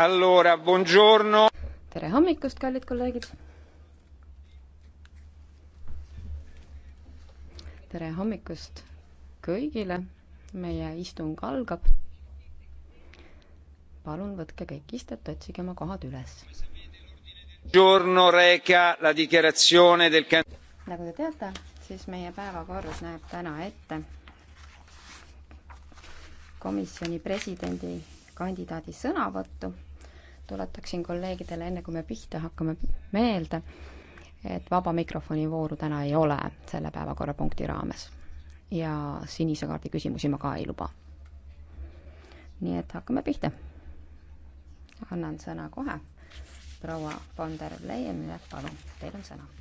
Allora, buongiorno. tere hommikust, kallid kolleegid. tere hommikust kõigile. meie istung algab. palun võtke kõik istet, otsige oma kohad üles. nagu te teate, siis meie päevakord näeb täna ette komisjoni presidendi kandidaadi sõnavõttu tuletaksin kolleegidele, enne kui me pihta hakkame, meelde, et vaba mikrofoni vooru täna ei ole selle päevakorrapunkti raames. ja sinise kaardi küsimusi ma ka ei luba. nii et hakkame pihta. annan sõna kohe proua von der Leyenile, palun, teil on sõna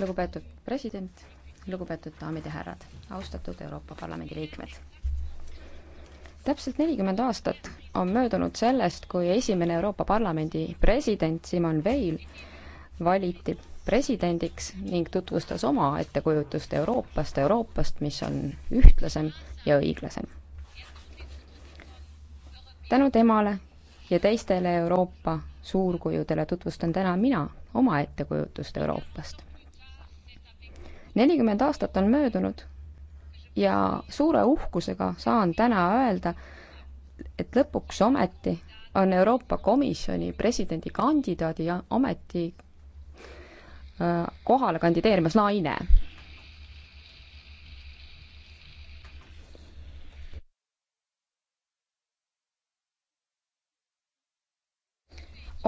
lugupeetud president, lugupeetud daamid ja härrad, austatud Euroopa Parlamendi liikmed. täpselt nelikümmend aastat on möödunud sellest, kui esimene Euroopa Parlamendi president Simon Veil valiti presidendiks ning tutvustas oma ettekujutust Euroopast, Euroopast, mis on ühtlasem ja õiglasem. tänu temale ja teistele Euroopa suurkujudele tutvustan täna mina oma ettekujutust Euroopast. nelikümmend aastat on möödunud ja suure uhkusega saan täna öelda, et lõpuks ometi on Euroopa Komisjoni presidendikandidaadi ameti äh, kohale kandideerimas naine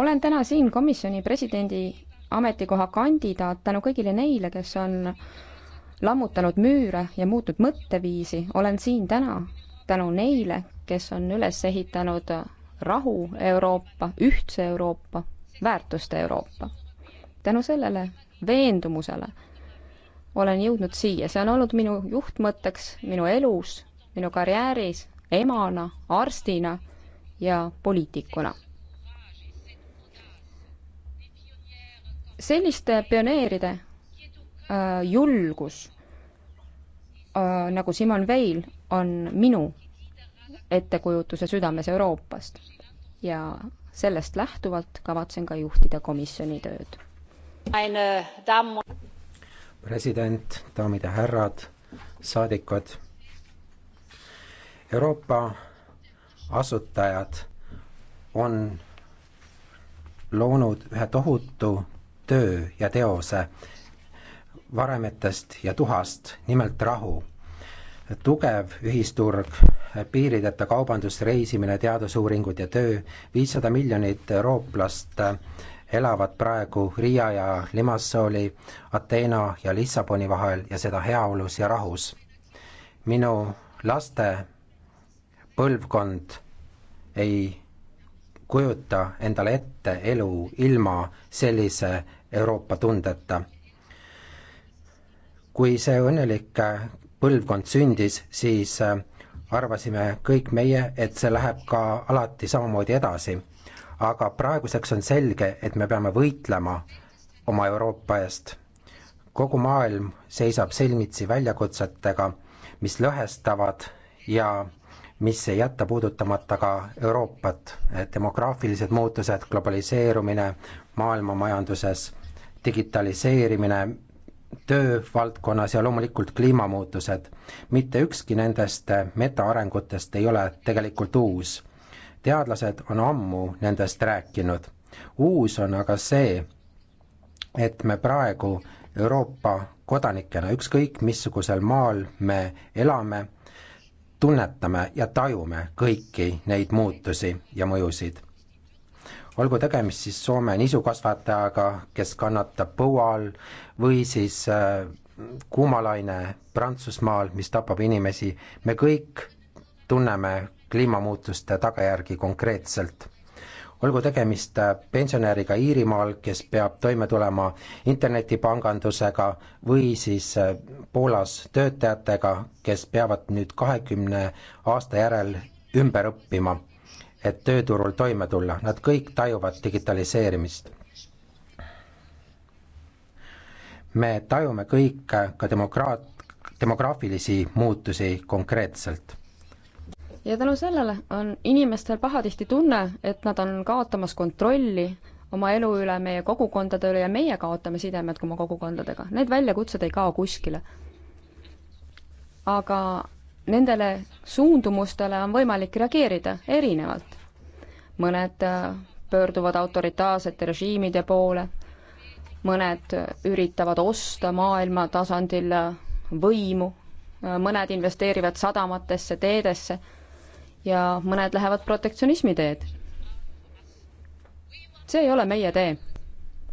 olen täna siin komisjoni presidendi ametikoha kandidaat tänu kõigile neile, kes on lammutanud müüre ja muutnud mõtteviisi, olen siin täna tänu neile, kes on üles ehitanud rahu Euroopa, ühtse Euroopa, väärtuste Euroopa. tänu sellele veendumusele olen jõudnud siia, see on olnud minu juhtmõtteks minu elus, minu karjääris, emana, arstina ja poliitikuna selliste pioneeride äh, julgus äh,, nagu Simon Veil, on minu ettekujutuse südames Euroopast ja sellest lähtuvalt kavatsen ka juhtida komisjoni tööd. president, daamid ja härrad, saadikud. Euroopa asutajad on loonud ühe tohutu töö ja teose, varemetest ja tuhast, nimelt rahu. tugev ühisturg, piirideta kaubandus, reisimine, teadusuuringud ja töö, viissada miljonit eurooplast elavad praegu Riia ja Limassoli, Ateena ja Lissaboni vahel ja seda heaolus ja rahus. minu laste põlvkond ei kujuta endale ette elu ilma sellise Euroopa tundeta. kui see õnnelik põlvkond sündis, siis äh, arvasime kõik meie, et see läheb ka alati samamoodi edasi. aga praeguseks on selge, et me peame võitlema oma Euroopa eest. kogu maailm seisab silmitsi väljakutsetega, mis lõhestavad ja mis ei jäta puudutamata ka Euroopat, demograafilised muutused, globaliseerumine maailmamajanduses, digitaliseerimine, töövaldkonnas ja loomulikult kliimamuutused. mitte ükski nendest metaarengutest ei ole tegelikult uus. teadlased on ammu nendest rääkinud. uus on aga see, et me praegu Euroopa kodanikena, ükskõik missugusel maal me elame, tunnetame ja tajume kõiki neid muutusi ja mõjusid olgu tegemist siis Soome nisukasvatajaga, kes kannatab põua all, või siis äh, kuumalaine Prantsusmaal, mis tapab inimesi, me kõik tunneme kliimamuutuste tagajärgi konkreetselt. olgu tegemist äh, pensionäriga Iirimaal, kes peab toime tulema internetipangandusega või siis äh, Poolas töötajatega, kes peavad nüüd kahekümne aasta järel ümber õppima et tööturul toime tulla, nad kõik tajuvad digitaliseerimist. me tajume kõik ka demokraat-, demograafilisi muutusi konkreetselt. ja tänu sellele on inimestel pahatihti tunne, et nad on kaotamas kontrolli oma elu üle, meie kogukondade üle ja meie kaotame sidemed oma kogukondadega, need väljakutsed ei kao kuskile. aga nendele suundumustele on võimalik reageerida erinevalt. mõned äh, pöörduvad autoritaarsete režiimide poole, mõned üritavad osta maailma tasandil äh, võimu, äh, mõned investeerivad sadamatesse, teedesse ja mõned lähevad protektsionismi teed. see ei ole meie tee.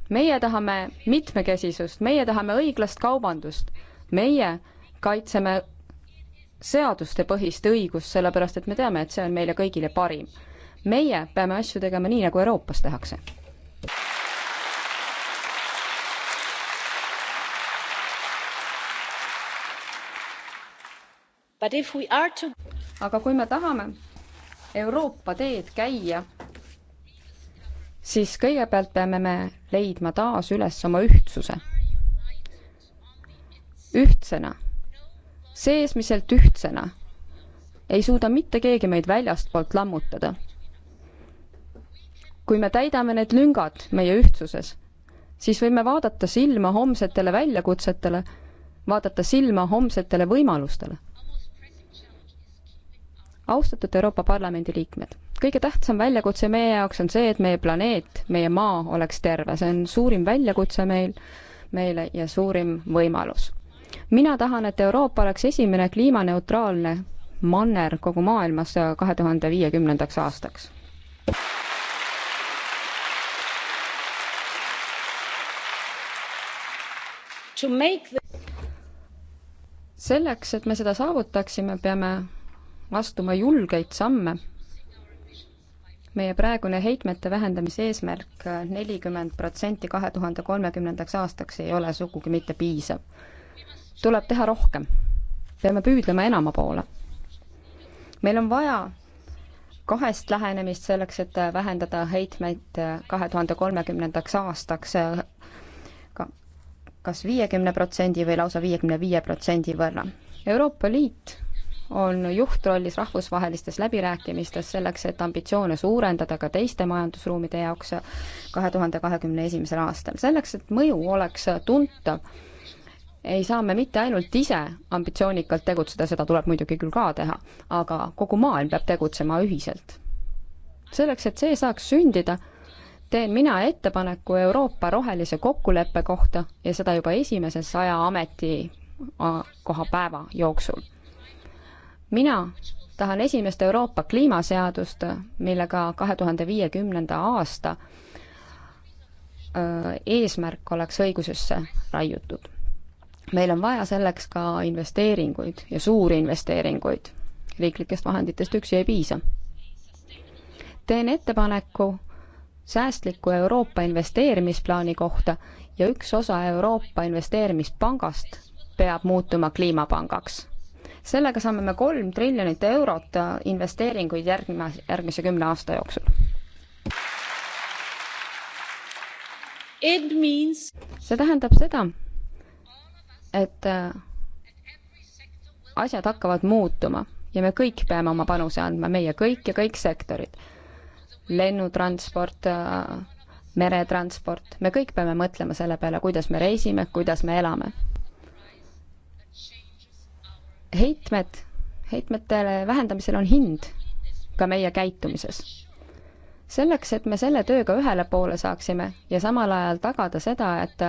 meie tahame mitmekesisust, meie tahame õiglast kaubandust, meie kaitseme seadustepõhist õigust, sellepärast et me teame, et see on meile kõigile parim. meie peame asju tegema nii, nagu Euroopas tehakse. To... aga kui me tahame Euroopa teed käia, siis kõigepealt peame me leidma taas üles oma ühtsuse. ühtsena seesmiselt ühtsena ei suuda mitte keegi meid väljastpoolt lammutada. kui me täidame need lüngad meie ühtsuses, siis võime vaadata silma homsetele väljakutsetele, vaadata silma homsetele võimalustele. austatud Euroopa Parlamendi liikmed, kõige tähtsam väljakutse meie jaoks on see, et meie planeet, meie maa oleks terve, see on suurim väljakutse meil, meile ja suurim võimalus mina tahan, et Euroopa oleks esimene kliimaneutraalne manner kogu maailmas kahe tuhande viiekümnendaks aastaks. selleks, et me seda saavutaksime, peame astuma julgeid samme. meie praegune heitmete vähendamise eesmärk nelikümmend protsenti kahe tuhande kolmekümnendaks aastaks ei ole sugugi mitte piisav tuleb teha rohkem. peame püüdlema enama poole. meil on vaja kahest lähenemist selleks, et vähendada heitmeid kahe tuhande kolmekümnendaks aastaks kas viiekümne protsendi või lausa viiekümne viie protsendi võrra. Euroopa Liit on juhtrollis rahvusvahelistes läbirääkimistes selleks, et ambitsioone suurendada ka teiste majandusruumide jaoks kahe tuhande kahekümne esimesel aastal. selleks, et mõju oleks tuntav ei saa me mitte ainult ise ambitsioonikalt tegutseda, seda tuleb muidugi küll ka teha, aga kogu maailm peab tegutsema ühiselt. selleks, et see saaks sündida, teen mina ettepaneku Euroopa rohelise kokkuleppe kohta ja seda juba esimese saja ametikoha päeva jooksul. mina tahan esimest Euroopa kliimaseadust, millega kahe tuhande viiekümnenda aasta eesmärk oleks õigusesse raiutud meil on vaja selleks ka investeeringuid ja suuri investeeringuid. riiklikest vahenditest üksi ei piisa. teen ettepaneku säästliku Euroopa investeerimisplaani kohta ja üks osa Euroopa Investeerimispangast peab muutuma kliimapangaks. sellega saame me kolm triljonit eurot investeeringuid järgmine, järgmise kümne aasta jooksul. see tähendab seda, et äh, asjad hakkavad muutuma ja me kõik peame oma panuse andma, meie kõik ja kõik sektorid. lennutransport, äh, meretransport, me kõik peame mõtlema selle peale, kuidas me reisime, kuidas me elame. heitmed, heitmetele vähendamisel on hind ka meie käitumises. selleks, et me selle tööga ühele poole saaksime ja samal ajal tagada seda, et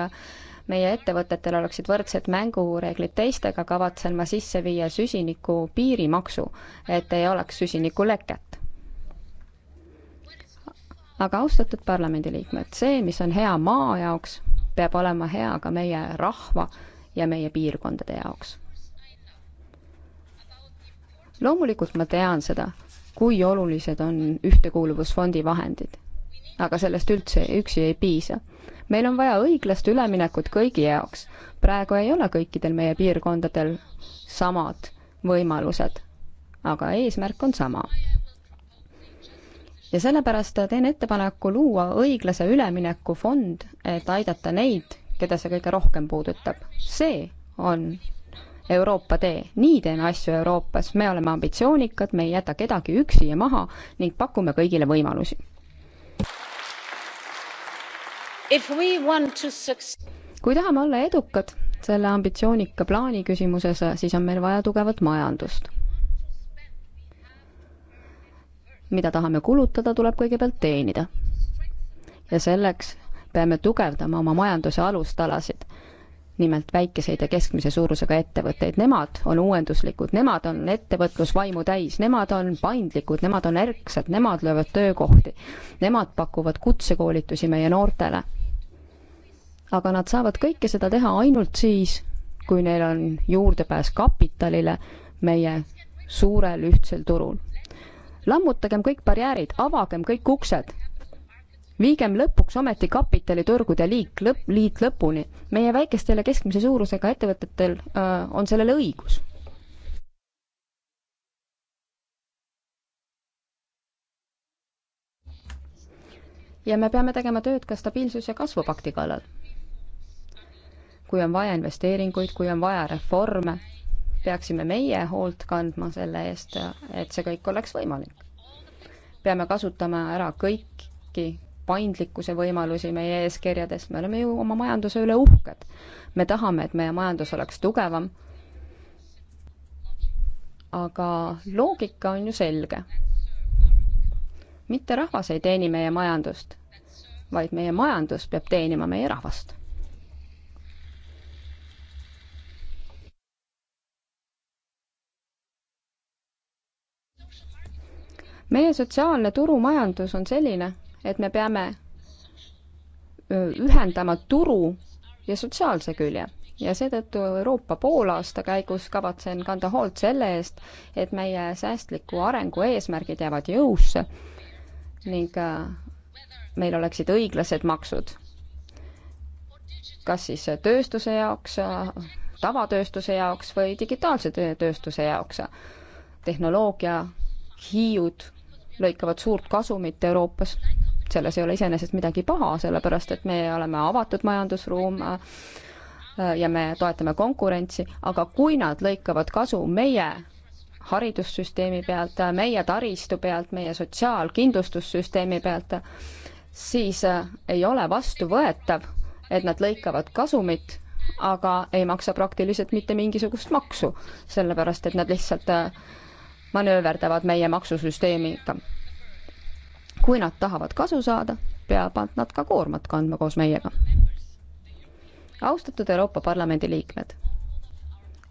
meie ettevõtetel oleksid võrdsed mängureeglid teistega, kavatsen ma sisse viia süsiniku piirimaksu, et ei oleks süsinikuleket. aga austatud parlamendiliikmed, see, mis on hea maa jaoks, peab olema hea ka meie rahva ja meie piirkondade jaoks. loomulikult ma tean seda, kui olulised on Ühtekuuluvusfondi vahendid aga sellest üldse üksi ei piisa. meil on vaja õiglast üleminekut kõigi jaoks. praegu ei ole kõikidel meie piirkondadel samad võimalused, aga eesmärk on sama ja sellepärast teen ettepaneku luua õiglase ülemineku fond, et aidata neid, keda see kõige rohkem puudutab. see on Euroopa tee, nii teeme asju Euroopas, me oleme ambitsioonikad, me ei jäta kedagi üksi ja maha ning pakume kõigile võimalusi kui tahame olla edukad selle ambitsioonika plaani küsimuses, siis on meil vaja tugevat majandust. mida tahame kulutada, tuleb kõigepealt teenida. ja selleks peame tugevdama oma majanduse alustalasid, nimelt väikeseid ja keskmise suurusega ettevõtteid. Nemad on uuenduslikud, nemad on ettevõtlusvaimu täis, nemad on paindlikud, nemad on ärksad, nemad löövad töökohti, nemad pakuvad kutsekoolitusi meie noortele aga nad saavad kõike seda teha ainult siis, kui neil on juurdepääs kapitalile meie suurel ühtsel turul. lammutagem kõik barjäärid, avagem kõik uksed, viigem lõpuks ometi kapitaliturgude liik lõpp, liit lõpuni. meie väikestel ja keskmise suurusega ettevõtetel öö, äh, on sellele õigus. ja me peame tegema tööd ka stabiilsus- ja kasvupakti kallal kui on vaja investeeringuid, kui on vaja reforme, peaksime meie hoolt kandma selle eest, et see kõik oleks võimalik. peame kasutama ära kõiki paindlikkuse võimalusi meie eeskirjades, me oleme ju oma majanduse üle uhked. me tahame, et meie majandus oleks tugevam, aga loogika on ju selge. mitte rahvas ei teeni meie majandust, vaid meie majandus peab teenima meie rahvast meie sotsiaalne turumajandus on selline, et me peame ühendama turu ja sotsiaalse külje ja seetõttu Euroopa poolaasta käigus kavatsen kanda hoolt selle eest, et meie säästliku arengu eesmärgid jäävad jõusse ning meil oleksid õiglased maksud. kas siis tööstuse jaoks, tavatööstuse jaoks või digitaalse tööstuse jaoks. tehnoloogia hiiud lõikavad suurt kasumit Euroopas. selles ei ole iseenesest midagi paha, sellepärast et me oleme avatud majandusruum äh, ja me toetame konkurentsi, aga kui nad lõikavad kasu meie haridussüsteemi pealt, meie taristu pealt, meie sotsiaalkindlustussüsteemi pealt, siis äh, ei ole vastuvõetav, et nad lõikavad kasumit, aga ei maksa praktiliselt mitte mingisugust maksu, sellepärast et nad lihtsalt äh, manööverdavad meie maksusüsteemiga. kui nad tahavad kasu saada, peavad nad ka koormat kandma koos meiega. austatud Euroopa Parlamendi liikmed,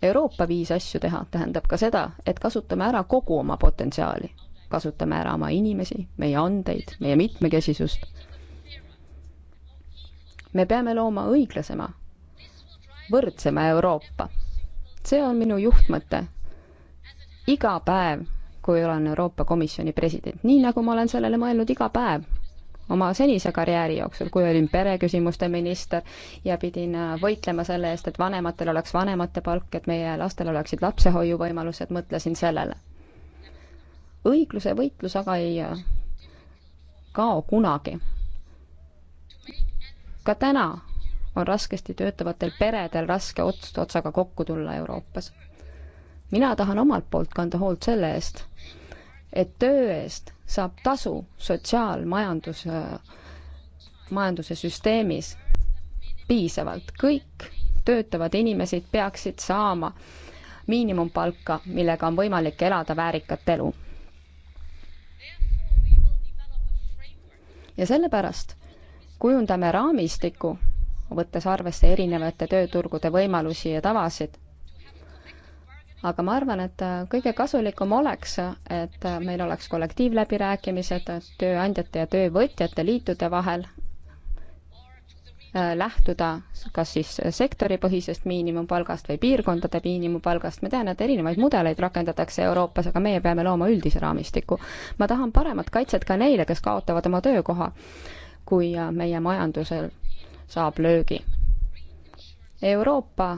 Euroopa viis asju teha tähendab ka seda, et kasutame ära kogu oma potentsiaali, kasutame ära oma inimesi, meie andeid, meie mitmekesisust. me peame looma õiglasema, võrdsema Euroopa. see on minu juhtmõte iga päev, kui olen Euroopa Komisjoni president, nii nagu ma olen sellele mõelnud iga päev oma senise karjääri jooksul, kui olin pereküsimuste minister ja pidin võitlema selle eest, et vanematel oleks vanemate palk, et meie lastel oleksid lapsehoiuvõimalused, mõtlesin sellele. õigluse võitlus aga ei kao kunagi. ka täna on raskesti töötavatel peredel raske ots otsaga kokku tulla Euroopas mina tahan omalt poolt kanda hoolt selle eest, et töö eest saab tasu sotsiaalmajandus, majanduse süsteemis piisavalt. kõik töötavad inimesed peaksid saama miinimumpalka, millega on võimalik elada väärikat elu. ja sellepärast kujundame raamistiku, võttes arvesse erinevate tööturgude võimalusi ja tavasid aga ma arvan, et äh, kõige kasulikum oleks, et äh, meil oleks kollektiivläbirääkimised tööandjate ja töövõtjate liitude vahel, äh, lähtuda kas siis sektoripõhisest miinimumpalgast või piirkondade miinimumpalgast, ma tean, et erinevaid mudeleid rakendatakse Euroopas, aga meie peame looma üldise raamistiku. ma tahan paremat kaitset ka neile, kes kaotavad oma töökoha, kui meie majandusel saab löögi. Euroopa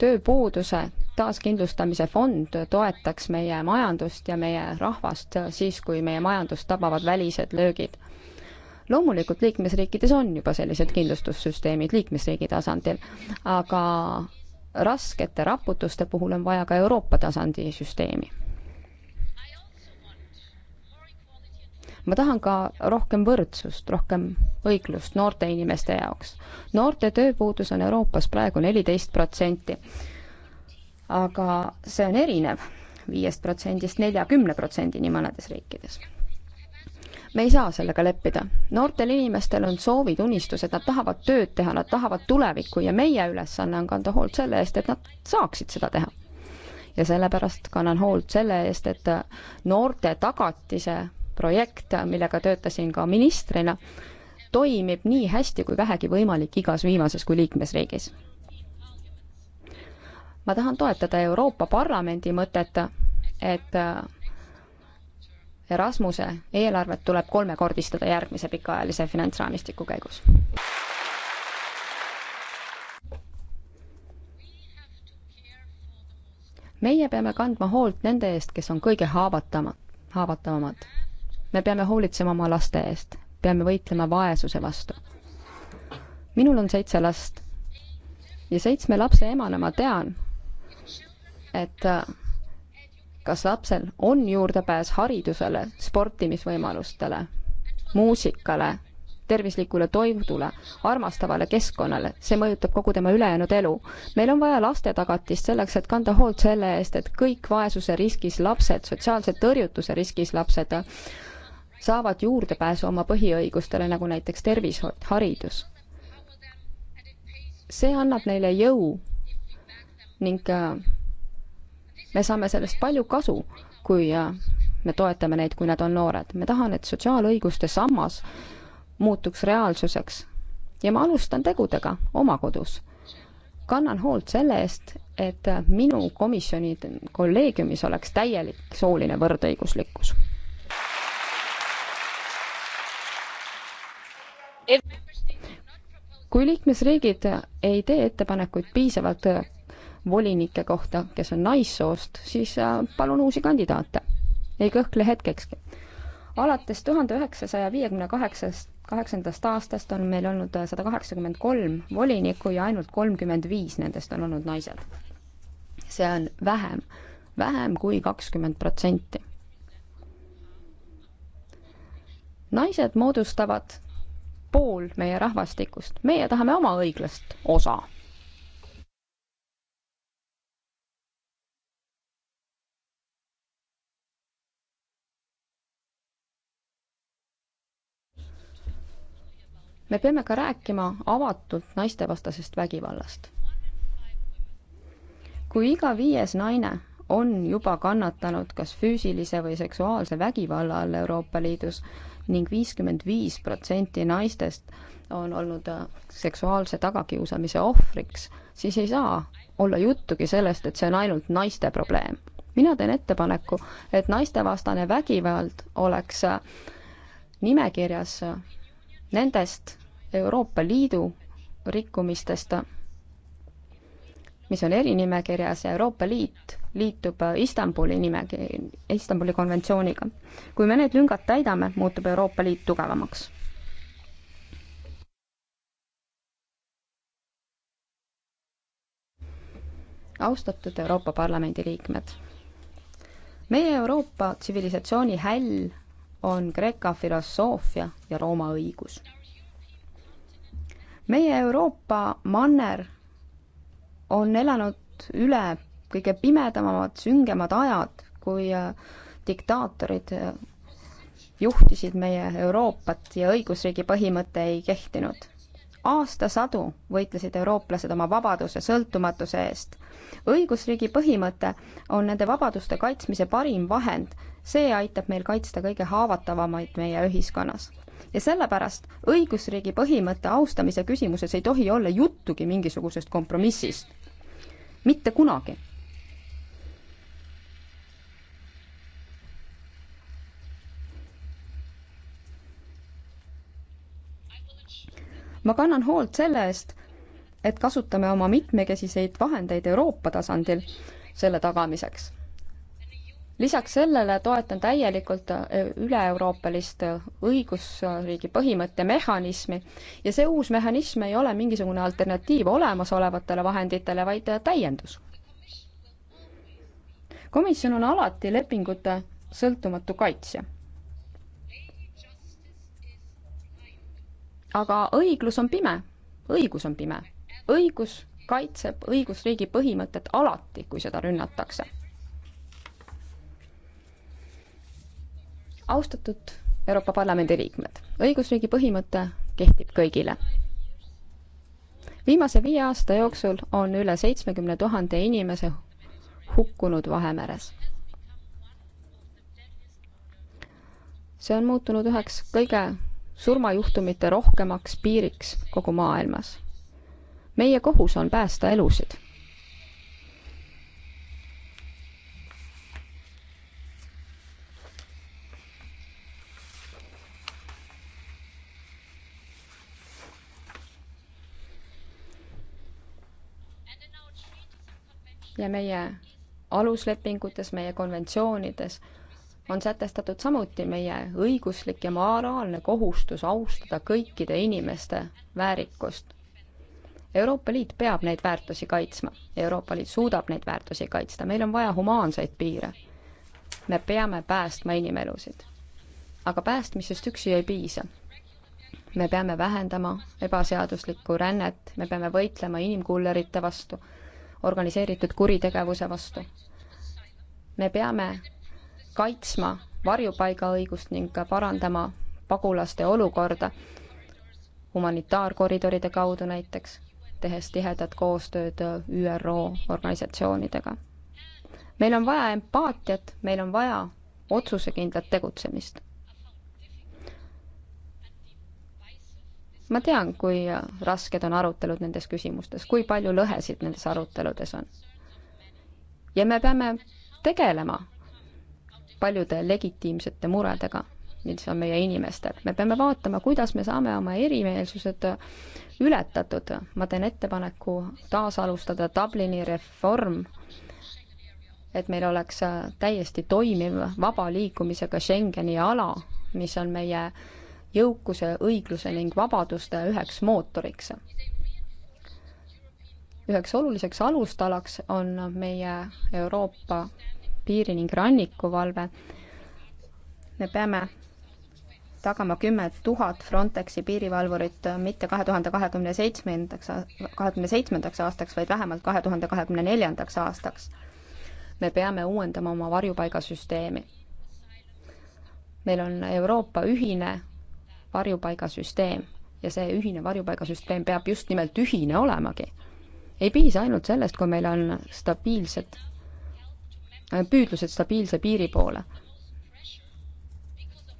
tööpuuduse taaskindlustamise fond toetaks meie majandust ja meie rahvast siis, kui meie majandust tabavad välised löögid. loomulikult liikmesriikides on juba sellised kindlustussüsteemid liikmesriigi tasandil, aga raskete raputuste puhul on vaja ka Euroopa tasandi süsteemi. ma tahan ka rohkem võrdsust, rohkem õiglust noorte inimeste jaoks. noorte tööpuudus on Euroopas praegu neliteist protsenti aga see on erinev viiest protsendist neljakümne protsendini mõnedes riikides. me ei saa sellega leppida. noortel inimestel on soovid, unistused, nad tahavad tööd teha, nad tahavad tulevikku ja meie ülesanne on kanda hoolt selle eest, et nad saaksid seda teha. ja sellepärast kannan hoolt selle eest, et noorte tagatise projekt, millega töötasin ka ministrina, toimib nii hästi kui vähegi võimalik igas viimases kui liikmesriigis ma tahan toetada Euroopa Parlamendi mõtet, et Erasmuse eelarvet tuleb kolmekordistada järgmise pikaajalise finantsraamistiku käigus. meie peame kandma hoolt nende eest, kes on kõige haavatavamad, haavatavamad. me peame hoolitsema oma laste eest, peame võitlema vaesuse vastu. minul on seitse last ja seitsme lapse emana ma tean, et äh, kas lapsel on juurdepääs haridusele, sportimisvõimalustele, muusikale, tervislikule toidule, armastavale keskkonnale, see mõjutab kogu tema ülejäänud elu. meil on vaja lastetagatist selleks, et kanda hoolt selle eest, et kõik vaesuse riskis lapsed, sotsiaalse tõrjutuse riskis lapsed äh, saavad juurdepääsu oma põhiõigustele, nagu näiteks tervishoid, haridus. see annab neile jõu ning äh, me saame sellest palju kasu, kui äh, me toetame neid, kui nad on noored. me tahame, et sotsiaalõiguste sammas muutuks reaalsuseks. ja ma alustan tegudega oma kodus. kannan hoolt selle eest, et äh, minu komisjoni kolleegiumis oleks täielik sooline võrdõiguslikkus. kui liikmesriigid ei tee ettepanekuid piisavalt äh, volinike kohta, kes on naissoost, siis äh, palun uusi kandidaate. ei kõhkle hetkekski. alates tuhande üheksasaja viiekümne kaheksast, kaheksandast aastast on meil olnud äh, sada kaheksakümmend kolm volinikku ja ainult kolmkümmend viis nendest on olnud naised. see on vähem, vähem kui kakskümmend protsenti. naised moodustavad pool meie rahvastikust, meie tahame oma õiglast osa me peame ka rääkima avatult naistevastasest vägivallast. kui iga viies naine on juba kannatanud kas füüsilise või seksuaalse vägivalla all Euroopa Liidus ning viiskümmend viis protsenti naistest on olnud äh, seksuaalse tagakiusamise ohvriks, siis ei saa olla juttugi sellest, et see on ainult naiste probleem. mina teen ettepaneku, et naistevastane vägivald oleks äh, nimekirjas äh, nendest Euroopa Liidu rikkumistest, mis on erinimekirjas ja Euroopa Liit liitub Istanbuli nimekiri, Istanbuli konventsiooniga. kui me need lüngad täidame, muutub Euroopa Liit tugevamaks. austatud Euroopa Parlamendi liikmed, meie Euroopa tsivilisatsiooni häll on Kreeka filosoofia ja Rooma õigus meie Euroopa manner on elanud üle kõige pimedamad, süngemad ajad, kui äh, diktaatorid äh, juhtisid meie Euroopat ja õigusriigi põhimõte ei kehtinud. aastasadu võitlesid eurooplased oma vabaduse, sõltumatuse eest. õigusriigi põhimõte on nende vabaduste kaitsmise parim vahend, see aitab meil kaitsta kõige haavatavamaid meie ühiskonnas ja sellepärast õigusriigi põhimõtte austamise küsimuses ei tohi olla juttugi mingisugusest kompromissist. mitte kunagi. ma kannan hoolt selle eest, et kasutame oma mitmekesiseid vahendeid Euroopa tasandil selle tagamiseks lisaks sellele toetan täielikult äh, üle-euroopalist äh, õigusriigi põhimõtte mehhanismi ja see uus mehhanism ei ole mingisugune alternatiiv olemasolevatele vahenditele, vaid äh, täiendus. komisjon on alati lepingute sõltumatu kaitsja. aga õiglus on pime, õigus on pime, õigus kaitseb õigusriigi põhimõtet alati, kui seda rünnatakse austatud Euroopa Parlamendi liikmed, õigusriigi põhimõte kehtib kõigile. viimase viie aasta jooksul on üle seitsmekümne tuhande inimese hukkunud Vahemeres. see on muutunud üheks kõige surmajuhtumite rohkemaks piiriks kogu maailmas. meie kohus on päästa elusid ja meie aluslepingutes, meie konventsioonides on sätestatud samuti meie õiguslik ja moraalne kohustus austada kõikide inimeste väärikust. Euroopa Liit peab neid väärtusi kaitsma, Euroopa Liit suudab neid väärtusi kaitsta, meil on vaja humaanseid piire. me peame päästma inimelusid. aga päästmisest üksi ei piisa. me peame vähendama ebaseaduslikku rännet, me peame võitlema inimkullerite vastu organiseeritud kuritegevuse vastu. me peame kaitsma varjupaigaõigust ning parandama pagulaste olukorda humanitaarkoridoride kaudu näiteks, tehes tihedat koostööd ÜRO organisatsioonidega. meil on vaja empaatiat, meil on vaja otsusekindlat tegutsemist ma tean, kui rasked on arutelud nendes küsimustes, kui palju lõhesid nendes aruteludes on. ja me peame tegelema paljude legitiimsete muredega, mis on meie inimestel. me peame vaatama, kuidas me saame oma erimeelsused ületatud. ma teen ettepaneku taasalustada Dublini reform, et meil oleks täiesti toimiv vaba liikumisega Schengeni ala, mis on meie äh, jõukuse, õigluse ning vabaduste üheks mootoriks. üheks oluliseks alustalaks on meie Euroopa piiri ning rannikuvalve. me peame tagama kümme tuhat Frontexi piirivalvurit mitte kahe tuhande kahekümne seitsmendaks, kahekümne seitsmendaks aastaks, vaid vähemalt kahe tuhande kahekümne neljandaks aastaks. me peame uuendama oma varjupaigasüsteemi. meil on Euroopa ühine varjupaigasüsteem ja see ühine varjupaigasüsteem peab just nimelt ühine olemagi. ei piisa ainult sellest, kui meil on stabiilsed, äh, püüdlused stabiilse piiri poole.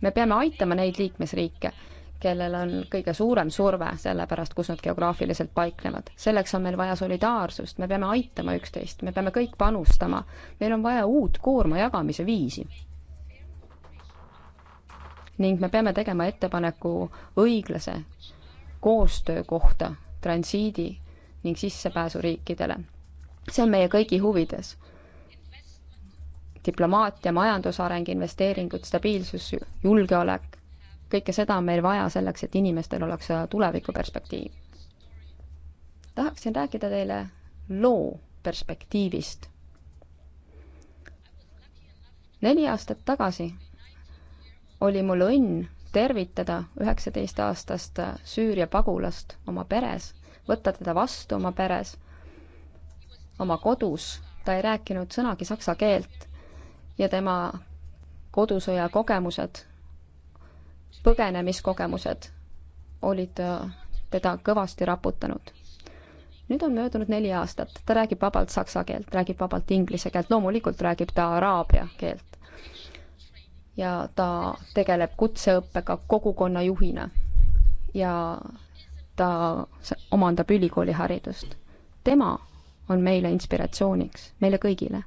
me peame aitama neid liikmesriike, kellel on kõige suurem surve selle pärast, kus nad geograafiliselt paiknevad. selleks on meil vaja solidaarsust, me peame aitama üksteist, me peame kõik panustama, meil on vaja uut koorma jagamise viisi ning me peame tegema ettepaneku õiglase koostöö kohta transiidi ning sissepääsuriikidele. see on meie kõigi huvides. diplomaatia, majandusareng, investeeringud, stabiilsus, julgeolek, kõike seda on meil vaja selleks, et inimestel oleks tulevikuperspektiiv. tahaksin rääkida teile loo perspektiivist. neli aastat tagasi oli mul õnn tervitada üheksateistaastast Süüria pagulast oma peres, võtta teda vastu oma peres, oma kodus, ta ei rääkinud sõnagi saksa keelt ja tema kodusõja kogemused, põgenemiskogemused olid äh, teda kõvasti raputanud. nüüd on möödunud neli aastat, ta räägib vabalt saksa keelt, räägib vabalt inglise keelt, loomulikult räägib ta araabia keelt ja ta tegeleb kutseõppega kogukonnajuhina ja ta omandab ülikooliharidust. tema on meile inspiratsiooniks, meile kõigile.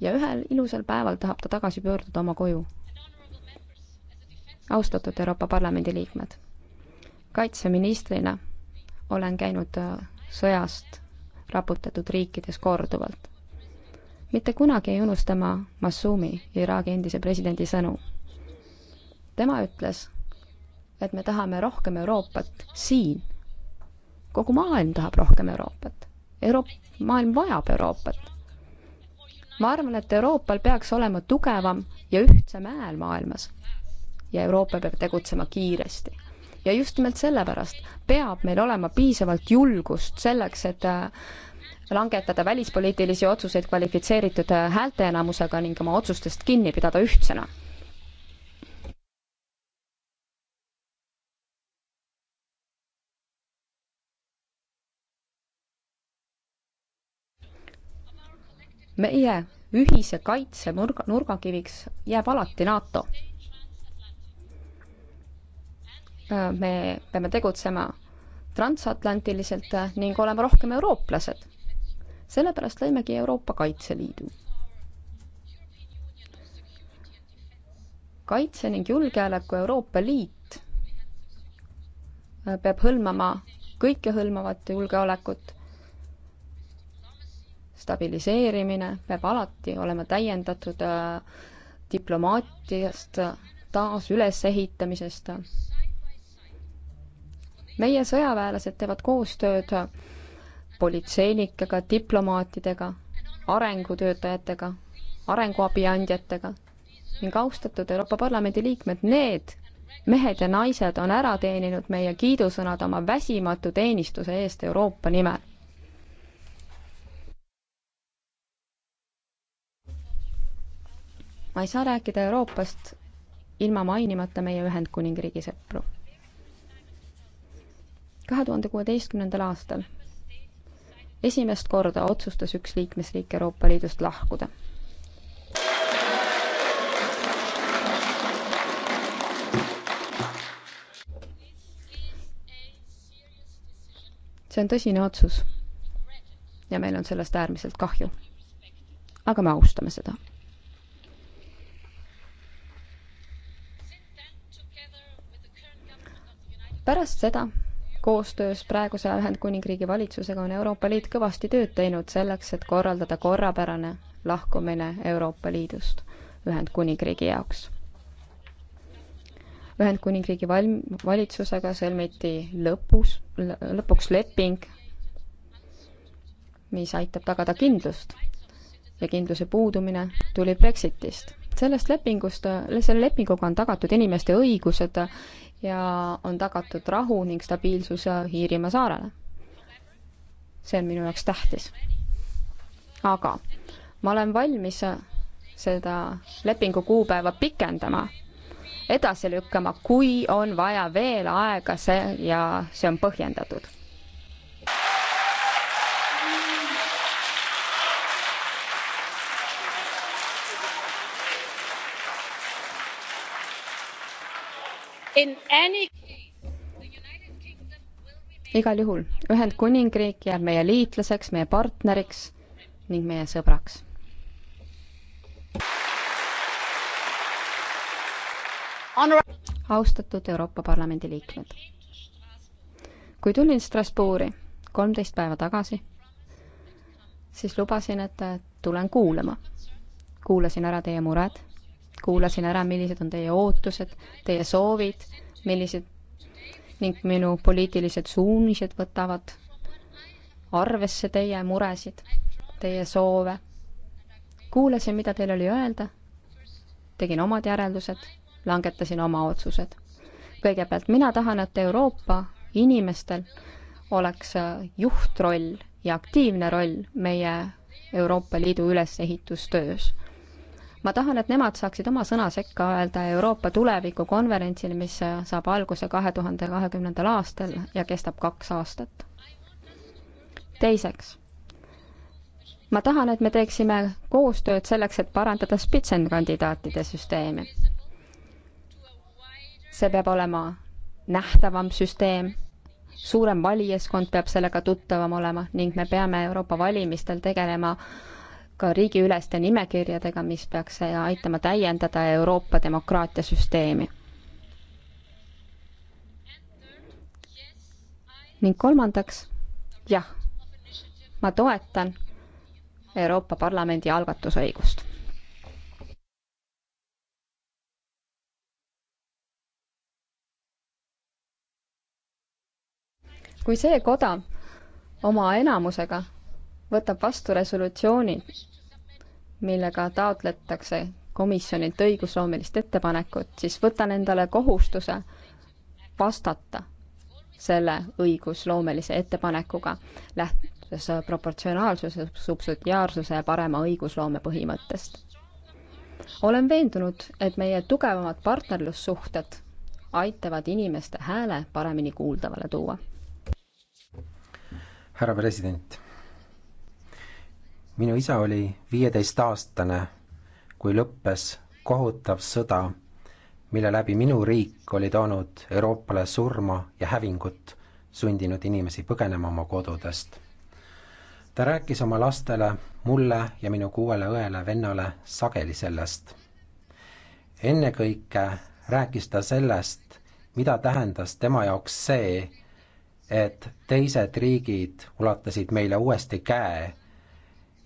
ja ühel ilusal päeval tahab ta tagasi pöörduda oma koju. austatud Euroopa Parlamendi liikmed, kaitseministrina olen käinud äh, sõjast raputatud riikides korduvalt mitte kunagi ei unusta ma Massoumi, Iraagi endise presidendi sõnu. tema ütles, et me tahame rohkem Euroopat siin. kogu maailm tahab rohkem Euroopat. Euroop-, maailm vajab Euroopat. ma arvan, et Euroopal peaks olema tugevam ja ühtsem hääl maailmas. ja Euroopa peab tegutsema kiiresti ja just nimelt sellepärast peab meil olema piisavalt julgust selleks, et langetada välispoliitilisi otsuseid kvalifitseeritud häälteenamusega ning oma otsustest kinni pidada ühtsena. meie ühise kaitse nurga, nurgakiviks jääb alati NATO. me peame tegutsema transatlantiliselt ning olema rohkem eurooplased sellepärast lõimegi Euroopa Kaitseliidu. kaitse ning julgeoleku Euroopa Liit äh, peab hõlmama kõikehõlmavat julgeolekut stabiliseerimine peab alati olema täiendatud äh, diplomaatiast, äh, taasülesehitamisest. meie sõjaväelased teevad koostööd politseinikega, diplomaatidega, arengutöötajatega, arenguabi andjatega ning austatud Euroopa Parlamendi liikmed, need mehed ja naised on ära teeninud meie kiidusõnad oma väsimatu teenistuse eest Euroopa nimel. ma ei saa rääkida Euroopast ilma mainimata meie Ühendkuningriigi sõpru. kahe tuhande kuueteistkümnendal aastal esimest korda otsustas üks liikmesriik Euroopa Liidust lahkuda. see on tõsine otsus ja meil on sellest äärmiselt kahju. aga me austame seda. pärast seda koostöös praeguse Ühendkuningriigi valitsusega on Euroopa Liit kõvasti tööd teinud selleks, et korraldada korrapärane lahkumine Euroopa Liidust Ühendkuningriigi jaoks. Ühendkuningriigi valm-, valitsusega sõlmiti lõpus, lõpuks leping, mis aitab tagada kindlust ja kindluse puudumine tuli Brexitist sellest lepingust, selle lepinguga on tagatud inimeste õigused ja on tagatud rahu ning stabiilsus Iirimaa saarele. see on minu jaoks tähtis. aga ma olen valmis seda lepingu kuupäeva pikendama, edasi lükkama, kui on vaja veel aega see ja see on põhjendatud Any... igal juhul Ühendkuningriik jääb meie liitlaseks, meie partneriks ning meie sõbraks. austatud Euroopa Parlamendi liikmed. kui tulin Strasbourgi kolmteist päeva tagasi, siis lubasin, et tulen kuulama. kuulasin ära teie mured kuulasin ära, millised on teie ootused, teie soovid, millised ning minu poliitilised suunised võtavad arvesse teie muresid, teie soove. kuulasin, mida teil oli öelda, tegin omad järeldused, langetasin oma otsused. kõigepealt mina tahan, et Euroopa inimestel oleks äh, juhtroll ja aktiivne roll meie Euroopa Liidu ülesehitustöös ma tahan, et nemad saaksid oma sõna sekka öelda Euroopa tuleviku konverentsil, mis saab alguse kahe tuhande kahekümnendal aastal ja kestab kaks aastat. teiseks, ma tahan, et me teeksime koostööd selleks, et parandada spitsenkandidaatide süsteemi. see peab olema nähtavam süsteem suurem valijaskond peab sellega tuttavam olema ning me peame Euroopa valimistel tegelema ka riigiüleste nimekirjadega, mis peaks aitama täiendada Euroopa demokraatiasüsteemi. ning kolmandaks, jah, ma toetan Euroopa Parlamendi algatusõigust. kui see koda oma enamusega võtab vastu resolutsiooni, millega taotletakse komisjonilt õigusloomelist ettepanekut, siis võtan endale kohustuse vastata selle õigusloomelise ettepanekuga, lähtudes proportsionaalsuse, subsidiaarsuse ja parema õigusloome põhimõttest. olen veendunud, et meie tugevamad partnerlussuhted aitavad inimeste hääle paremini kuuldavale tuua. härra president minu isa oli viieteistaastane, kui lõppes kohutav sõda, mille läbi minu riik oli toonud Euroopale surma ja hävingut, sundinud inimesi põgenema oma kodudest. ta rääkis oma lastele, mulle ja minu kuuele õele-vennale sageli sellest. ennekõike rääkis ta sellest, mida tähendas tema jaoks see, et teised riigid ulatasid meile uuesti käe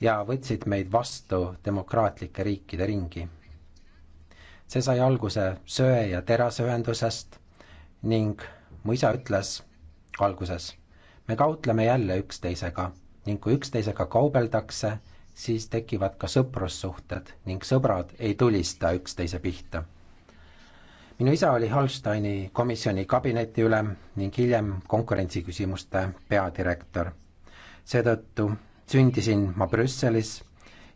ja võtsid meid vastu demokraatlike riikide ringi. see sai alguse söe- ja teraseühendusest ning mu isa ütles alguses, me kautleme jälle üksteisega ning kui üksteisega kaubeldakse, siis tekivad ka sõprussuhted ning sõbrad ei tulista üksteise pihta. minu isa oli Hallsteini komisjoni kabinetiülem ning hiljem konkurentsiküsimuste peadirektor. seetõttu sündisin ma Brüsselis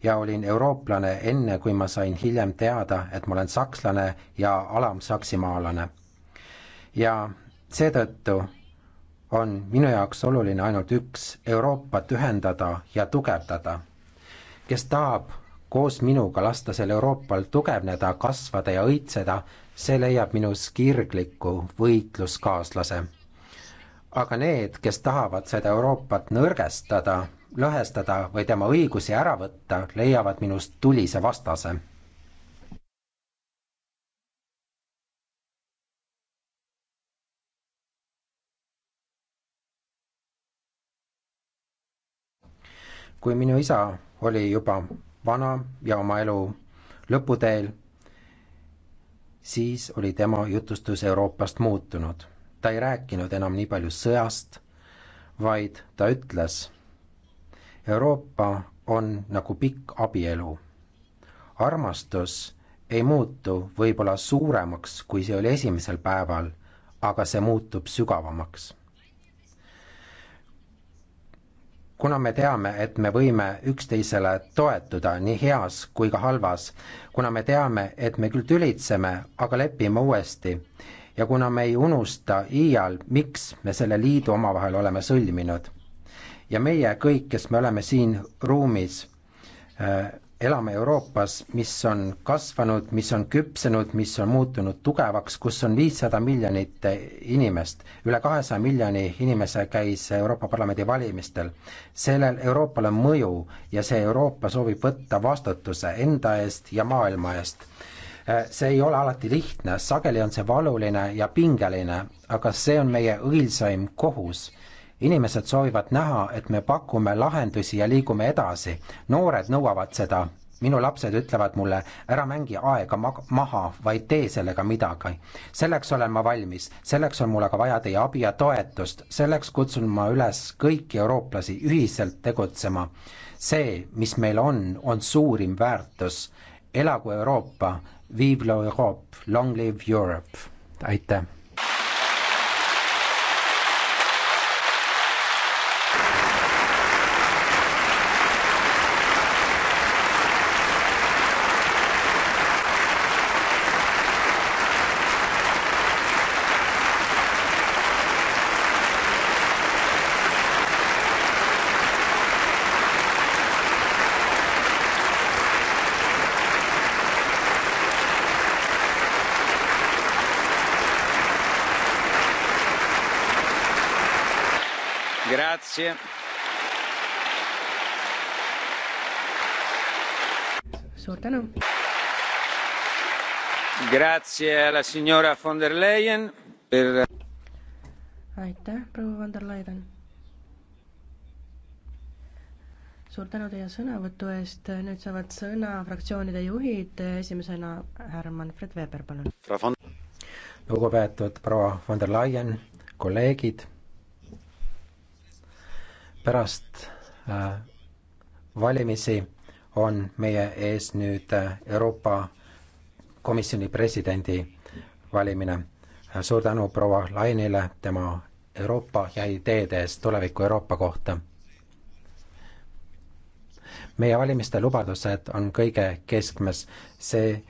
ja olin eurooplane enne, kui ma sain hiljem teada, et ma olen sakslane ja alamsaksimaalane. ja seetõttu on minu jaoks oluline ainult üks, Euroopat ühendada ja tugevdada. kes tahab koos minuga lasta sel Euroopal tugevneda, kasvada ja õitseda, see leiab minus kirgliku võitluskaaslase. aga need, kes tahavad seda Euroopat nõrgestada, lõhestada või tema õigusi ära võtta, leiavad minust tulise vastase. kui minu isa oli juba vana ja oma elu lõputeel, siis oli tema jutustus Euroopast muutunud. ta ei rääkinud enam nii palju sõjast, vaid ta ütles Euroopa on nagu pikk abielu. armastus ei muutu võib-olla suuremaks, kui see oli esimesel päeval, aga see muutub sügavamaks kuna me teame, et me võime üksteisele toetuda nii heas kui ka halvas, kuna me teame, et me küll tülitseme, aga lepime uuesti ja kuna me ei unusta iial, miks me selle liidu omavahel oleme sõlminud ja meie kõik, kes me oleme siin ruumis, äh, elame Euroopas, mis on kasvanud, mis on küpsenud, mis on muutunud tugevaks, kus on viissada miljonit inimest. üle kahesaja miljoni inimese käis Euroopa Parlamendi valimistel. sellel Euroopal on mõju ja see Euroopa soovib võtta vastutuse enda eest ja maailma eest äh, see ei ole alati lihtne, sageli on see valuline ja pingeline, aga see on meie õilsaim kohus inimesed soovivad näha, et me pakume lahendusi ja liigume edasi. noored nõuavad seda. minu lapsed ütlevad mulle, ära mängi aega ma maha, vaid tee sellega midagi. selleks olen ma valmis, selleks on mul aga vaja teie abi ja toetust, selleks kutsun ma üles kõiki eurooplasi ühiselt tegutsema. see, mis meil on, on suurim väärtus. elagu Euroopa, vive l'Europe, long live Europe. aitäh! suur tänu. Per... aitäh, proua von der Leyen suur tänu teie sõnavõtu eest, nüüd saavad sõna fraktsioonide juhid, esimesena härra Manfred Weber, palun. lugupeetud proua von der Leyen, kolleegid, pärast äh, valimisi on meie ees nüüd äh, Euroopa Komisjoni presidendi valimine. Äh, suur tänu proua Lainile tema Euroopa ja ideede eest tuleviku Euroopa kohta. meie valimiste lubadused on kõige keskmes. see,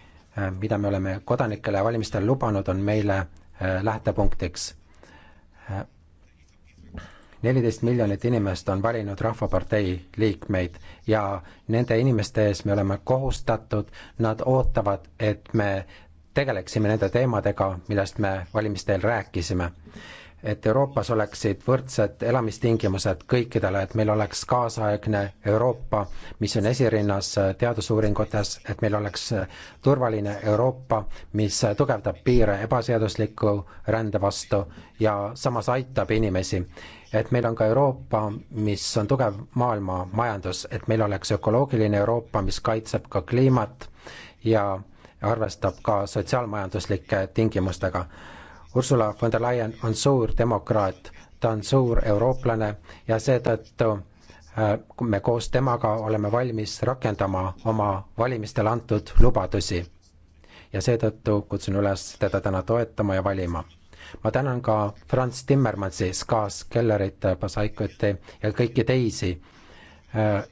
mida me oleme kodanikele valimistel lubanud, on meile lähtepunktiks neliteist miljonit inimest on valinud Rahvapartei liikmeid ja nende inimeste ees me oleme kohustatud, nad ootavad, et me tegeleksime nende teemadega, millest me valimiste eel rääkisime. et Euroopas oleksid võrdsed elamistingimused kõikidele, et meil oleks kaasaegne Euroopa, mis on esirinnas teadusuuringutes, et meil oleks turvaline Euroopa, mis tugevdab piire ebaseadusliku rände vastu ja samas aitab inimesi et meil on ka Euroopa, mis on tugev maailma majandus, et meil oleks ökoloogiline Euroopa, mis kaitseb ka kliimat ja arvestab ka sotsiaalmajanduslike tingimustega. Ursula von der Leyen on suur demokraat, ta on suur eurooplane ja seetõttu äh, me koos temaga oleme valmis rakendama oma valimistele antud lubadusi. ja seetõttu kutsun üles teda täna toetama ja valima ma tänan ka Franz Timmermansi, Skas Kellerit, Basaikot ja kõiki teisi, äh,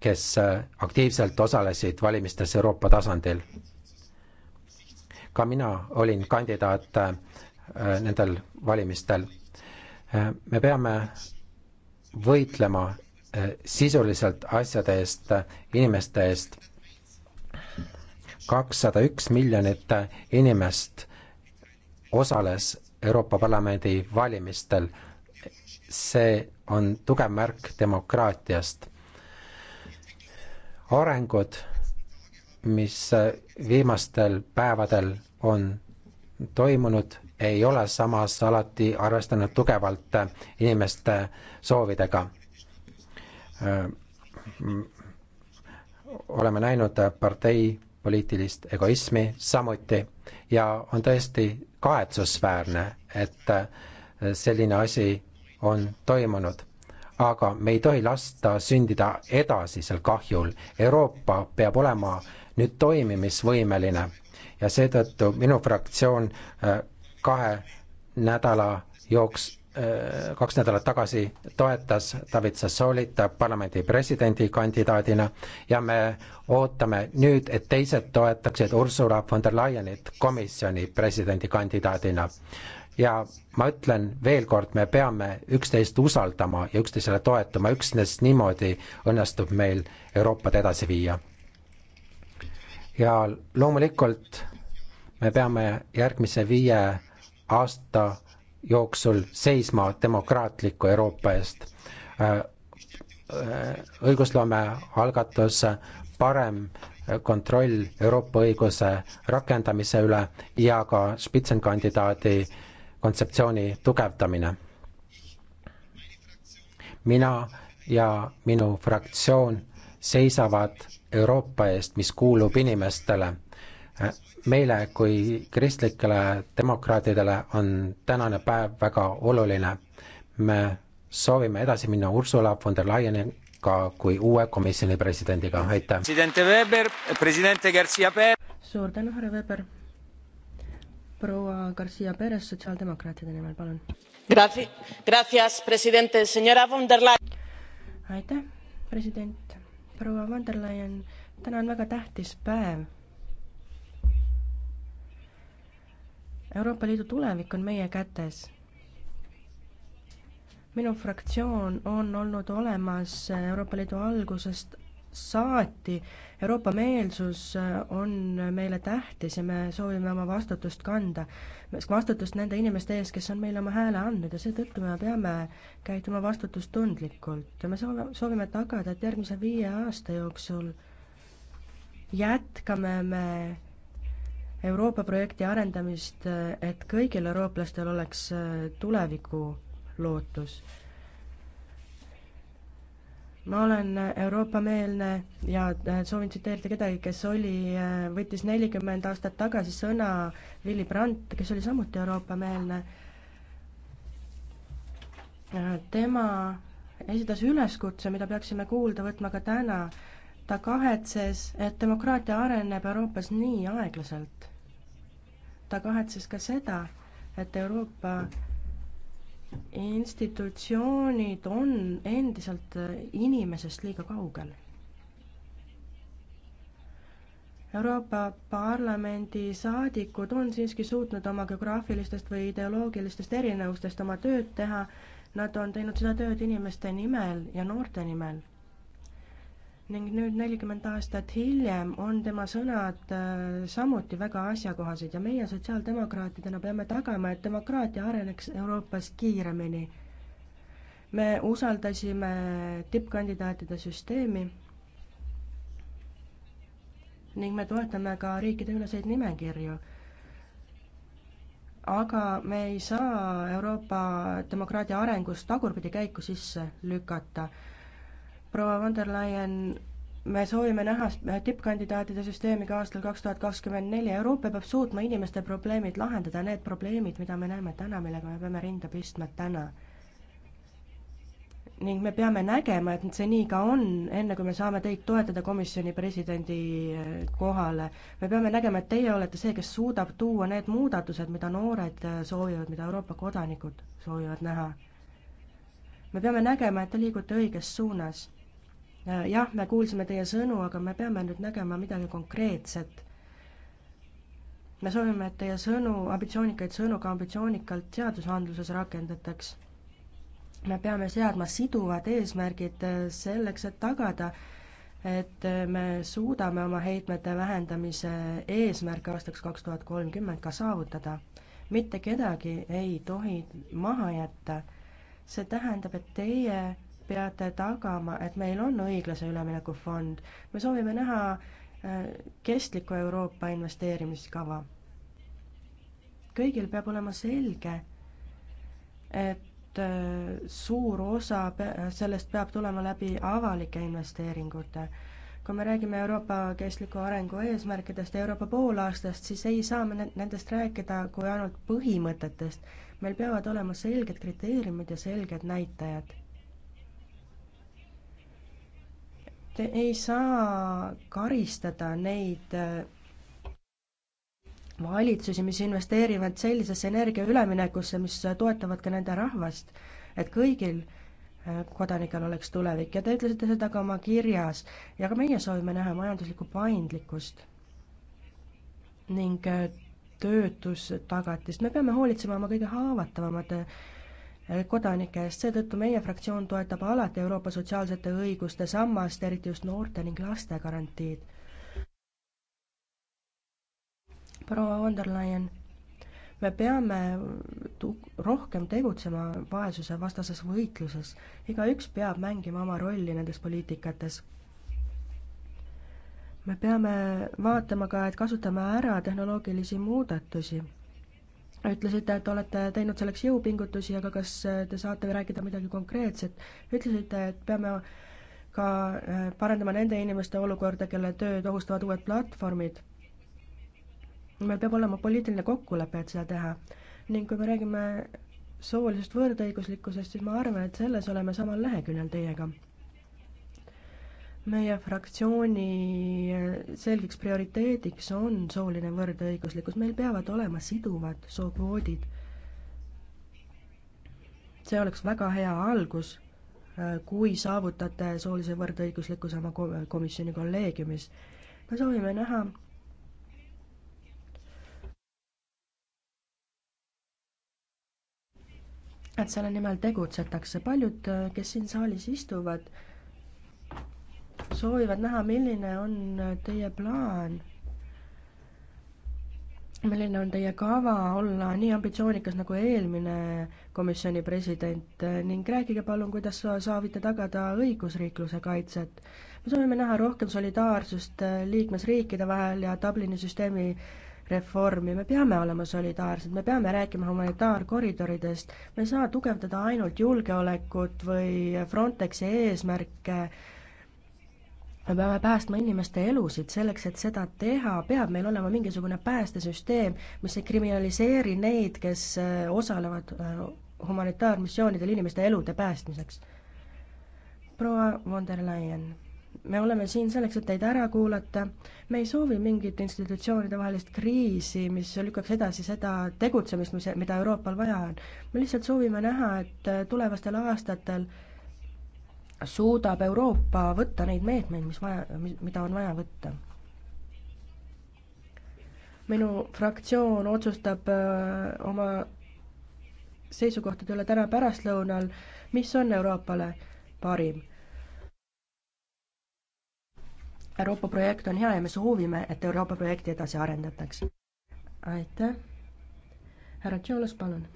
kes äh, aktiivselt osalesid valimistes Euroopa tasandil. ka mina olin kandidaat äh, nendel valimistel. me peame võitlema sisuliselt asjade eest, inimeste eest. kakssada üks miljonit inimest osales Euroopa Parlamendi valimistel. see on tugev märk demokraatiast. arengud, mis viimastel päevadel on toimunud, ei ole samas alati arvestanud tugevalt inimeste soovidega oleme näinud partei poliitilist egoismi samuti ja on tõesti kahetsusväärne, et äh, selline asi on toimunud. aga me ei tohi lasta sündida edasisel kahjul. Euroopa peab olema nüüd toimimisvõimeline ja seetõttu minu fraktsioon äh, kahe nädala jooks-, Äh, kaks nädalat tagasi toetas David Sassoolit parlamendi presidendikandidaadina ja me ootame nüüd, et teised toetaksid Ursula von der Leyenit komisjoni presidendikandidaadina. ja ma ütlen veel kord, me peame üksteist usaldama ja üksteisele toetuma, üksnes niimoodi õnnestub meil Euroopat edasi viia. ja loomulikult me peame järgmise viie aasta jooksul seisma demokraatliku Euroopa eest. õigusloome algatus, parem kontroll Euroopa õiguse rakendamise üle ja ka spitsenkandidaadi kontseptsiooni tugevdamine. mina ja minu fraktsioon seisavad Euroopa eest, mis kuulub inimestele meile kui kristlikele demokraatidele on tänane päev väga oluline. me soovime edasi minna Ursula von der Leyeniga kui uue komisjoni presidendiga, aitäh. suur tänu, härra Weber. proua Garcia Perez sotsiaaldemokraatide nimel, palun. aitäh, president, proua von der Leyen, täna on väga tähtis päev Euroopa Liidu tulevik on meie kätes. minu fraktsioon on olnud olemas Euroopa Liidu algusest saati. Euroopa meelsus on meile tähtis ja me soovime oma vastutust kanda, vastutust nende inimeste ees, kes on meile oma hääle andnud ja seetõttu me peame käituma vastutustundlikult ja me soovime, soovime tagada, et järgmise viie aasta jooksul jätkame me Euroopa projekti arendamist, et kõigil eurooplastel oleks äh, tuleviku lootus. ma olen Euroopa-meelne ja äh, soovin tsiteerida kedagi, kes oli, äh, võttis nelikümmend aastat tagasi sõna, Willy Brandt, kes oli samuti Euroopa-meelne. tema esitas üleskutse, mida peaksime kuulda võtma ka täna. ta kahetses, et demokraatia areneb Euroopas nii aeglaselt ta kahetses ka seda, et Euroopa institutsioonid on endiselt inimesest liiga kaugel. Euroopa Parlamendi saadikud on siiski suutnud oma geograafilistest või ideoloogilistest erinevustest oma tööd teha, nad on teinud seda tööd inimeste nimel ja noorte nimel ning nüüd nelikümmend aastat hiljem on tema sõnad äh, samuti väga asjakohased ja meie sotsiaaldemokraatidena peame tagama, et demokraatia areneks Euroopas kiiremini. me usaldasime tippkandidaatide süsteemi ning me toetame ka riikideüleseid nimekirju aga me ei saa Euroopa demokraatia arengus tagurpidi käiku sisse lükata proua von der Leyen, me soovime näha tippkandidaatide süsteemi ka aastal kaks tuhat kakskümmend neli, Euroopa peab suutma inimeste probleemid lahendada, need probleemid, mida me näeme täna, millega me peame rinda pistma täna. ning me peame nägema, et see nii ka on, enne kui me saame teid toetada komisjoni presidendi eh, kohale. me peame nägema, et teie olete see, kes suudab tuua need muudatused, mida noored eh, soovivad, mida Euroopa kodanikud soovivad näha. me peame nägema, et te liigute õiges suunas Äh, jah, me kuulsime teie sõnu, aga me peame nüüd nägema midagi konkreetset. me soovime, et teie sõnu, ambitsioonikaid sõnu ka ambitsioonikalt seadusandluses rakendataks. me peame seadma siduvad eesmärgid äh, selleks, et tagada, et äh, me suudame oma heitmete vähendamise eesmärke aastaks kaks tuhat kolmkümmend ka saavutada. mitte kedagi ei tohi maha jätta. see tähendab, et teie peate tagama, et meil on õiglase ülemineku fond. me soovime näha äh, kestliku Euroopa investeerimiskava. kõigil peab olema selge, et äh, suur osa sellest peab tulema läbi avalike investeeringute. kui me räägime Euroopa kestliku arengu eesmärkidest ja Euroopa poolaastast, siis ei saa me nendest rääkida kui ainult põhimõtetest. meil peavad olema selged kriteeriumid ja selged näitajad te ei saa karistada neid äh, valitsusi, mis investeerivad sellisesse energia üleminekusse, mis toetavad ka nende rahvast, et kõigil äh, kodanikel oleks tulevik ja te ütlesite seda ka oma kirjas ja ka meie soovime näha majanduslikku paindlikkust ning äh, töötustagatist. me peame hoolitsema oma kõige haavatavamate kodanike eest, seetõttu meie fraktsioon toetab alati Euroopa sotsiaalsete õiguste sammast, eriti just noorte ning laste garantiid. proua von der Leyen, me peame tu-, rohkem tegutsema vaesusevastases võitluses, igaüks peab mängima oma rolli nendes poliitikates me peame vaatama ka, et kasutame ära tehnoloogilisi muudatusi ütlesite, et olete teinud selleks jõupingutusi, aga kas te saate rääkida midagi konkreetset? ütlesite, et peame ka äh, parandama nende inimeste olukorda, kelle tööd ohustavad uued platvormid. meil peab olema poliitiline kokkulepe, et seda teha. ning kui me räägime soolisest võrdõiguslikkusest, siis ma arvan, et selles oleme samal leheküljel teiega meie fraktsiooni selgeks prioriteediks on sooline võrdõiguslikkus, meil peavad olema siduvad sookvoodid. see oleks väga hea algus, äh, kui saavutate soolise võrdõiguslikkuse oma komisjoni kolleegiumis. me soovime näha et selle nimel tegutsetakse, paljud, äh, kes siin saalis istuvad, soovivad näha, milline on teie plaan, milline on teie kava olla nii ambitsioonikas nagu eelmine komisjoni president ning rääkige palun, kuidas soovite tagada õigusriikluse kaitset. me soovime näha rohkem solidaarsust liikmesriikide vahel ja Dublini süsteemi reformi, me peame olema solidaarsed, me peame rääkima humanitaarkoridoridest, me ei saa tugevdada ainult julgeolekut või Frontexi eesmärke me peame päästma inimeste elusid, selleks et seda teha, peab meil olema mingisugune päästesüsteem, mis ei kriminaliseeri neid, kes äh, osalevad äh, humanitaarmissioonidel inimeste elude päästmiseks. proua von der Leyen, me oleme siin selleks, et teid ära kuulata, me ei soovi mingit institutsioonide vahelist kriisi, mis lükkaks edasi seda tegutsemist, mis, mida Euroopal vaja on. me lihtsalt soovime näha, et äh, tulevastel aastatel äh, suudab Euroopa võtta neid meetmeid, mis vaja, mida on vaja võtta. minu fraktsioon otsustab äh, oma seisukohtade üle täna pärastlõunal, mis on Euroopale parim. Euroopa projekt on hea ja me soovime, et Euroopa projekti edasi arendataks. aitäh. härra Tšolos, palun.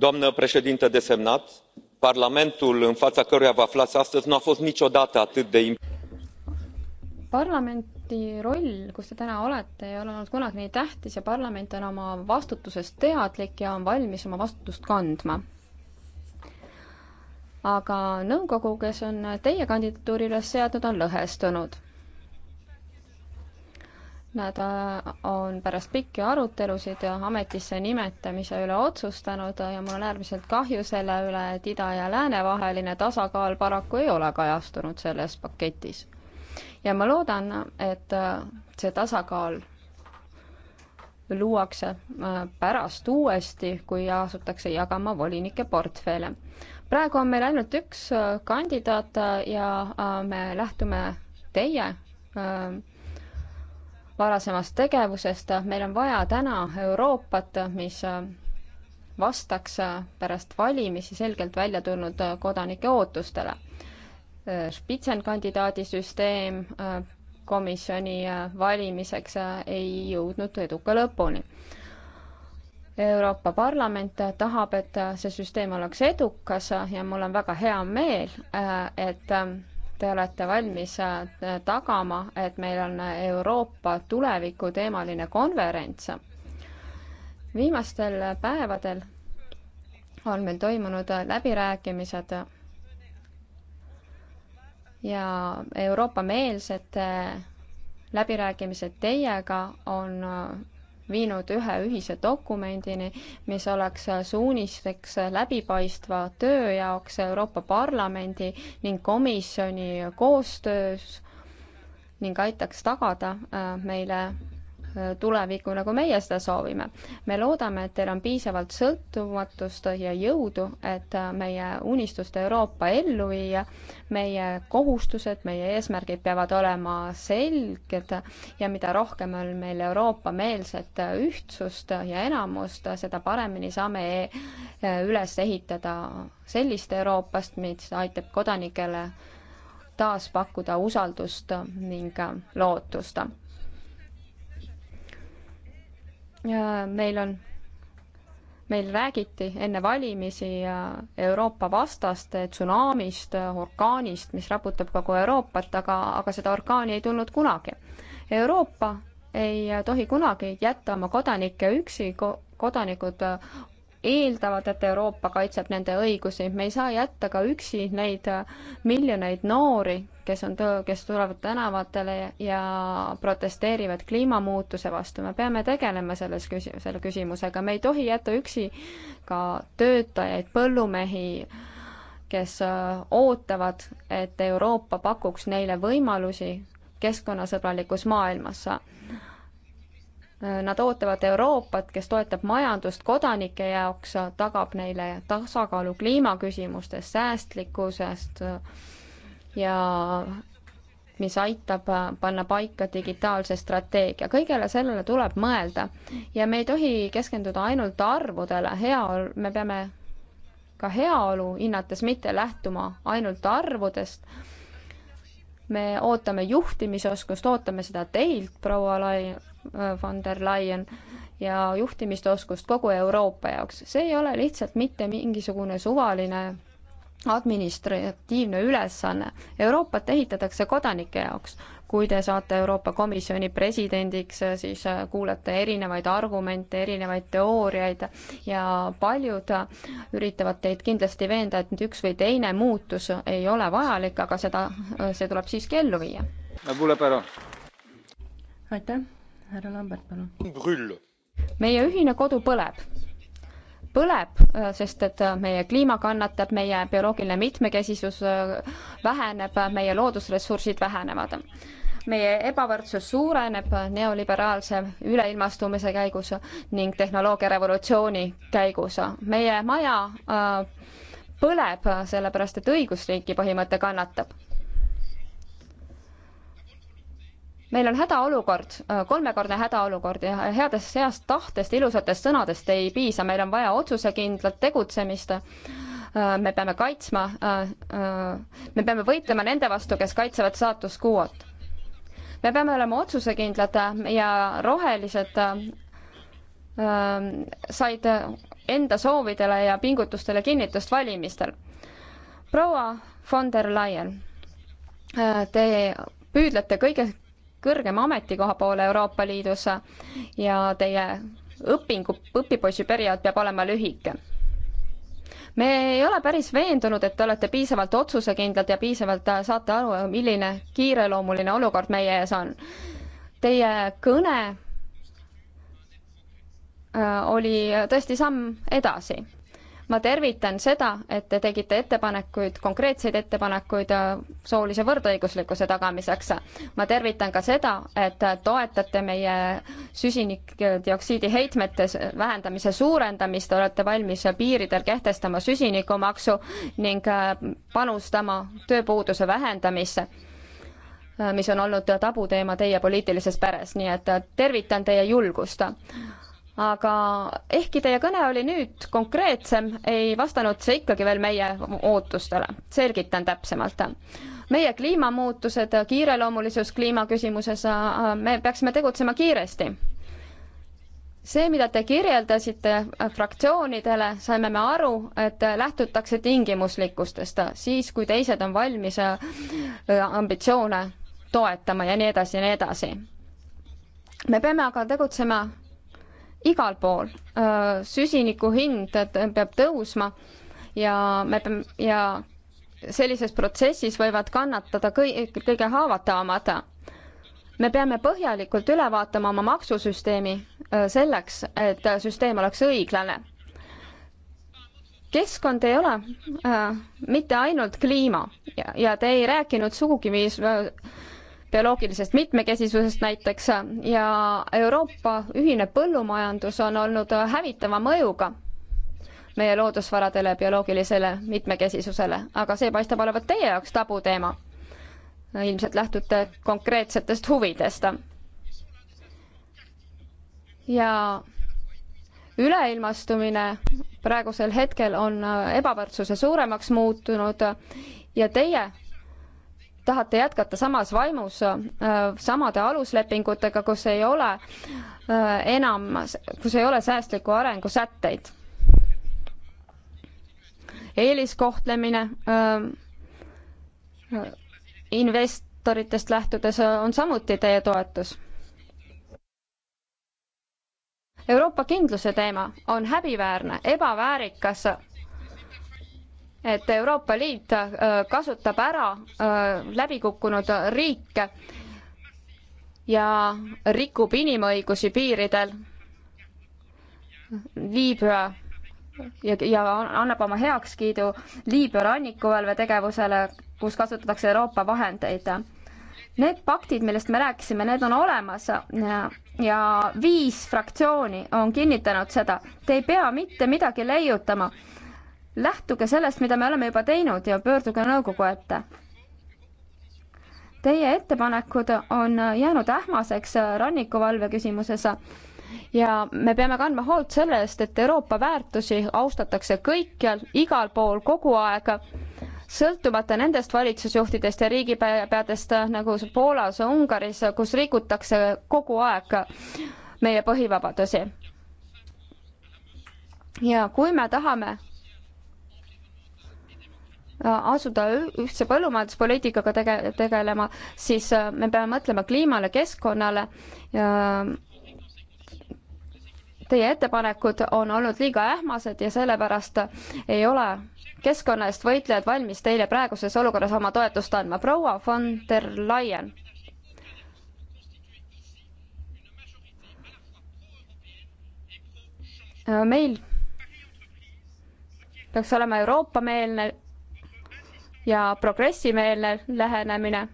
doamnă președintă desemnat parlamentul în fața căruia vă aflați astăzi nu a fost niciodată atât de parlamenti roll, kus te täna olete, ei ole olnud kunagi nii tähtis ja parlament on oma vastutusest teadlik ja on valmis oma vastutust kandma. aga nõukogu, kes on teie kandidatuuri üles seadnud, on lõhestunud Nad äh, on pärast pikki arutelusid ametisse nimetamise üle otsustanud ja mul on äärmiselt kahju selle üle, et ida ja lääne vaheline tasakaal paraku ei ole kajastunud selles paketis. ja ma loodan, et äh, see tasakaal luuakse äh, pärast uuesti, kui asutakse jagama volinike portfelle. praegu on meil ainult üks kandidaat ja me lähtume teie varasemast tegevusest. meil on vaja täna Euroopat, mis vastaks pärast valimisi selgelt välja tulnud kodanike ootustele. spitsenkandidaadi süsteem komisjoni valimiseks ei jõudnud eduka lõpuni. Euroopa Parlament tahab, et see süsteem oleks edukas ja mul on väga hea meel, et te olete valmis äh, tagama, et meil on Euroopa tuleviku teemaline konverents. viimastel päevadel on meil toimunud läbirääkimised ja Euroopa-meelsete läbirääkimised teiega on viinud ühe ühise dokumendini, mis oleks suunisteks läbipaistva töö jaoks Euroopa Parlamendi ning komisjoni koostöös ning aitaks tagada äh, meile tulevikku, nagu meie seda soovime. me loodame, et teil on piisavalt sõltumatust ja jõudu, et meie unistuste Euroopa ellu viia, meie kohustused, meie eesmärgid peavad olema selged ja mida rohkem on meil Euroopa-meelset ühtsust ja enamust, seda paremini saame e-, üles ehitada sellist Euroopast, mis aitab kodanikele taas pakkuda usaldust ning lootust meil on, meil räägiti enne valimisi Euroopa vastaste tsunamist, orkaanist, mis raputab kogu Euroopat, aga, aga seda orkaani ei tulnud kunagi. Euroopa ei tohi kunagi jätta oma kodanikke üksi ko, kodanikud eeldavad, et Euroopa kaitseb nende õigusi, me ei saa jätta ka üksi neid miljoneid noori, kes on, kes tulevad tänavatele ja protesteerivad kliimamuutuse vastu, me peame tegelema selles küsi-, selle küsimusega, me ei tohi jätta üksi ka töötajaid, põllumehi, kes äh, ootavad, et Euroopa pakuks neile võimalusi keskkonnasõbralikus maailmas Nad ootavad Euroopat, kes toetab majandust kodanike jaoks, tagab neile tasakaalu kliimaküsimustes, säästlikkusest ja mis aitab panna paika digitaalse strateegia. kõigele sellele tuleb mõelda ja me ei tohi keskenduda ainult arvudele, heaolu, me peame ka heaolu hinnates mitte lähtuma ainult arvudest me ootame juhtimisoskust, ootame seda teilt, proua Lai-, äh, von der Leyen, ja juhtimist oskust kogu Euroopa jaoks. see ei ole lihtsalt mitte mingisugune suvaline administratiivne ülesanne. Euroopat ehitatakse kodanike jaoks kui te saate Euroopa Komisjoni presidendiks, siis äh, kuulete erinevaid argumente, erinevaid teooriaid ja paljud üritavad teid kindlasti veenda, et nüüd üks või teine muutus ei ole vajalik, aga seda, äh, see tuleb siiski ellu viia. aitäh, härra Lambert, palun. meie ühine kodu põleb põleb, äh, sest et äh, meie kliima kannatab, meie bioloogiline mitmekesisus äh, väheneb, meie loodusressursid vähenevad. meie ebavõrdsus suureneb neoliberaalse üleilmastumise käigus ning tehnoloogiarevolutsiooni käigus. meie maja põleb, sellepärast et õigusriigi põhimõte kannatab meil on hädaolukord, äh, kolmekordne hädaolukord ja headest, heast tahtest, ilusatest sõnadest ei piisa, meil on vaja otsusekindlat tegutsemist. Äh, me peame kaitsma, äh, me peame võitlema nende vastu, kes kaitsevad saatuskuuot. me peame olema otsusekindlad ja rohelised said enda soovidele ja pingutustele kinnitust valimistel. proua von der Leyen, te püüdlete kõige kõrgema ametikoha poole Euroopa Liidus ja teie õpingu, õpipoisi periood peab olema lühike me ei ole päris veendunud, et te olete piisavalt otsusekindlad ja piisavalt saate aru, milline kiireloomuline olukord meie ees on. Teie kõne äh, oli tõesti samm edasi ma tervitan seda, et te tegite ettepanekuid, konkreetseid ettepanekuid äh, soolise võrdõiguslikkuse tagamiseks. ma tervitan ka seda, et toetate meie süsinikdioksiidi heitmete vähendamise suurendamist, olete valmis piiridel kehtestama süsinikumaksu ning äh, panustama tööpuuduse vähendamisse äh, mis on olnud tabuteema teie poliitilises peres, nii et tervitan teie julgust aga ehkki teie kõne oli nüüd konkreetsem, ei vastanud see ikkagi veel meie ootustele. selgitan täpsemalt. meie kliimamuutused, kiireloomulisus kliimaküsimuses, äh, me peaksime tegutsema kiiresti. see, mida te kirjeldasite äh, fraktsioonidele, saime me aru, et lähtutakse tingimuslikkustest, siis kui teised on valmis äh, ambitsioone toetama ja nii edasi ja nii edasi. me peame aga tegutsema igal pool. süsiniku hind peab tõusma ja me peame ja sellises protsessis võivad kannatada kõik kõige haavatavamad. me peame põhjalikult üle vaatama oma maksusüsteemi selleks, et süsteem oleks õiglane. keskkond ei ole äh, mitte ainult kliima ja, ja te ei rääkinud sugugi, mis äh, bioloogilisest mitmekesisusest näiteks ja Euroopa ühine põllumajandus on olnud hävitava mõjuga meie loodusvaradele, bioloogilisele mitmekesisusele, aga see paistab olevat teie jaoks tabuteema. ilmselt lähtute konkreetsetest huvidest. ja üleilmastumine praegusel hetkel on ebavõrdsuse suuremaks muutunud ja teie tahate jätkata samas vaimus äh, samade aluslepingutega, kus ei ole äh, enam, kus ei ole säästliku arengu sätteid. eeliskohtlemine äh, investoritest lähtudes on samuti teie toetus. Euroopa kindluse teema on häbiväärne, ebaväärikas et Euroopa Liit äh, kasutab ära äh, läbikukkunud riike ja rikub inimõigusi piiridel. Liibüa ja, ja annab oma heakskiidu Liibüa rannikuvalve tegevusele, kus kasutatakse Euroopa vahendeid need paktid, millest me rääkisime, need on olemas ja, ja viis fraktsiooni on kinnitanud seda. Te ei pea mitte midagi leiutama lähtuge sellest, mida me oleme juba teinud ja pöörduge nõukogu ette. Teie ettepanekud on jäänud ähmaseks rannikuvalve küsimuses ja me peame kandma hoolt selle eest, et Euroopa väärtusi austatakse kõikjal, igal pool, kogu aeg, sõltumata nendest valitsusjuhtidest ja riigipeadest nagu Poolas, Ungaris, kus rikutakse kogu aeg meie põhivabadusi. ja kui me tahame Äh, asuda ühtse põllumajanduspoliitikaga tege-, tegelema, siis äh, me peame mõtlema kliimale, keskkonnale. Teie ettepanekud on olnud liiga ähmased ja sellepärast ei ole keskkonna eest võitlejad valmis teile praeguses olukorras oma toetust andma. proua von der Leyen äh, meil peaks olema Euroopa-meelne ja progressimeelne lähenemine.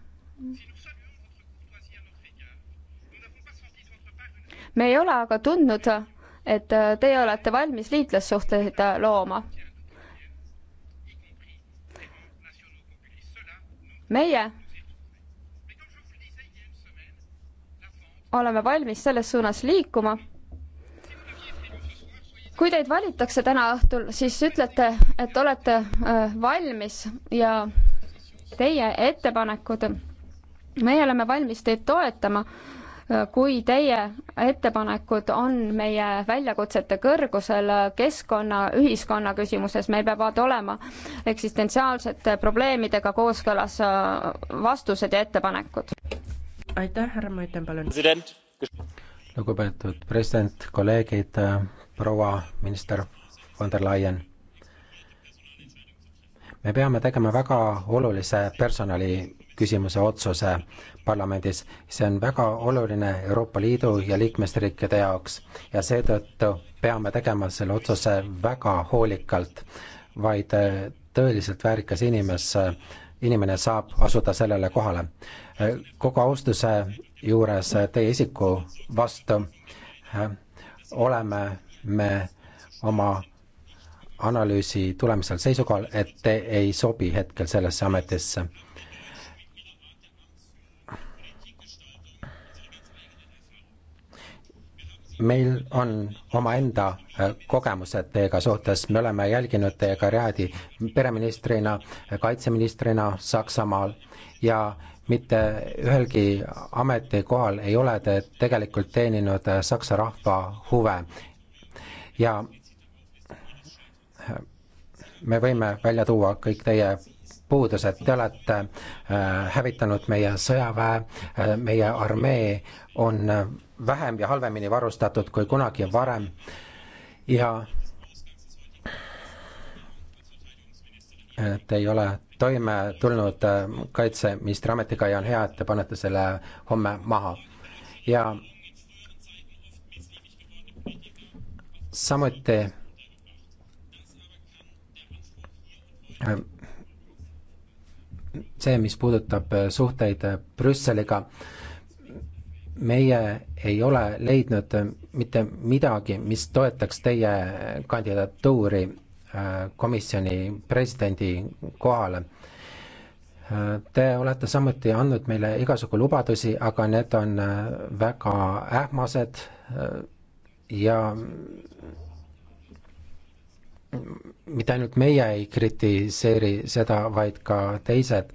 me ei ole aga tundnud, et teie olete valmis liitlassuhteid looma. meie oleme valmis selles suunas liikuma kui teid valitakse täna õhtul, siis ütlete, et olete äh, valmis ja teie ettepanekud, meie oleme valmis teid toetama, äh, kui teie ettepanekud on meie väljakutsete kõrgusel äh, keskkonna, ühiskonna küsimuses, meil peavad olema eksistentsiaalsete probleemidega kooskõlas vastused ja ettepanekud. aitäh, härra Mõõten, palun. lugupeetud president, kolleegid proua minister von der Leyen. me peame tegema väga olulise personali küsimuse otsuse parlamendis. see on väga oluline Euroopa Liidu ja liikmesriikide jaoks ja seetõttu peame tegema selle otsuse väga hoolikalt, vaid äh, tõeliselt väärikas inimes, inimene saab asuda sellele kohale. Äh, kogu austuse juures äh, teie isiku vastu oleme me oma analüüsi tulemusel seisukohal, et te ei sobi hetkel sellesse ametisse. meil on omaenda äh, kogemused teiega suhtes, me oleme jälginud teie karjääri pereministrina, kaitseministrina Saksamaal ja mitte ühelgi ametikohal ei ole te tegelikult teeninud äh, saksa rahva huve ja äh, me võime välja tuua kõik teie puudused, te olete äh, hävitanud meie sõjaväe, äh, meie armee on vähem ja halvemini varustatud kui kunagi varem ja te ei ole toime tulnud kaitseministri ametiga ja on hea, et te panete selle homme maha. ja samuti äh, see, mis puudutab äh, suhteid äh, Brüsseliga, meie ei ole leidnud mitte midagi, mis toetaks teie kandidatuuri komisjoni presidendi kohale. Te olete samuti andnud meile igasugu lubadusi, aga need on väga ähmased, ja mitte ainult meie ei kritiseeri seda, vaid ka teised.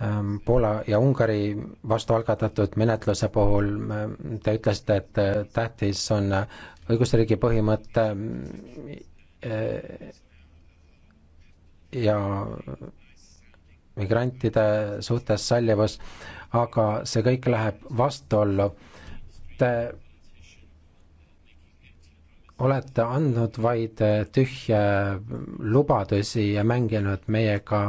Ähm, Poola ja Ungari vastu algatatud menetluse puhul ähm, te ütlesite, et äh, tähtis on äh, õigusriigi põhimõte ähm, äh, ja migrantide suhtes sallivus, aga see kõik läheb vastuollu. Te olete andnud vaid eh, tühje lubadusi ja mänginud meiega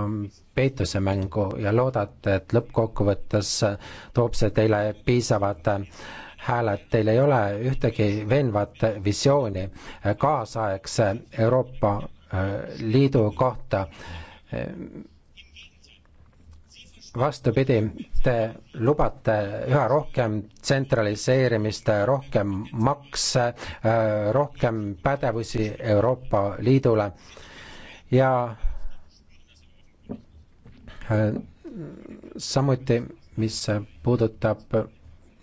peitusemängu ja loodate, et lõppkokkuvõttes toob see teile piisavad eh, hääled, teil ei ole ühtegi veenvat visiooni eh, kaasaegse Euroopa Liidu kohta vastupidi, te lubate üha rohkem tsentraliseerimist, rohkem makse, rohkem pädevusi Euroopa Liidule ja äh, samuti, mis puudutab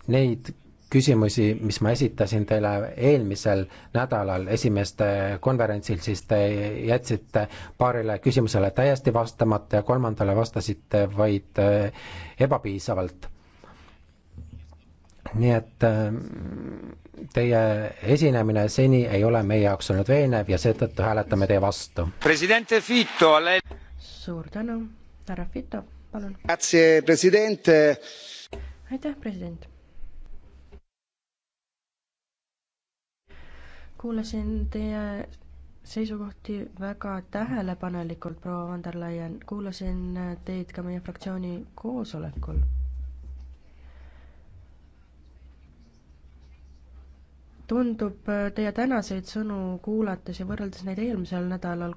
neid küsimusi, mis ma esitasin teile eelmisel nädalal esimeste konverentsil, siis te jätsite paarile küsimusele täiesti vastamata ja kolmandale vastasite vaid eh, ebapiisavalt. nii et eh, teie esinemine seni ei ole meie jaoks olnud veenev ja seetõttu hääletame teie vastu. Le... suur tänu, härra Fito, palun. aitäh, president. kuulasin teie seisukohti väga tähelepanelikult, proua von der Leyen, kuulasin teid ka meie fraktsiooni koosolekul tundub äh, teie tänaseid sõnu kuulates ja võrreldes neid eelmisel nädalal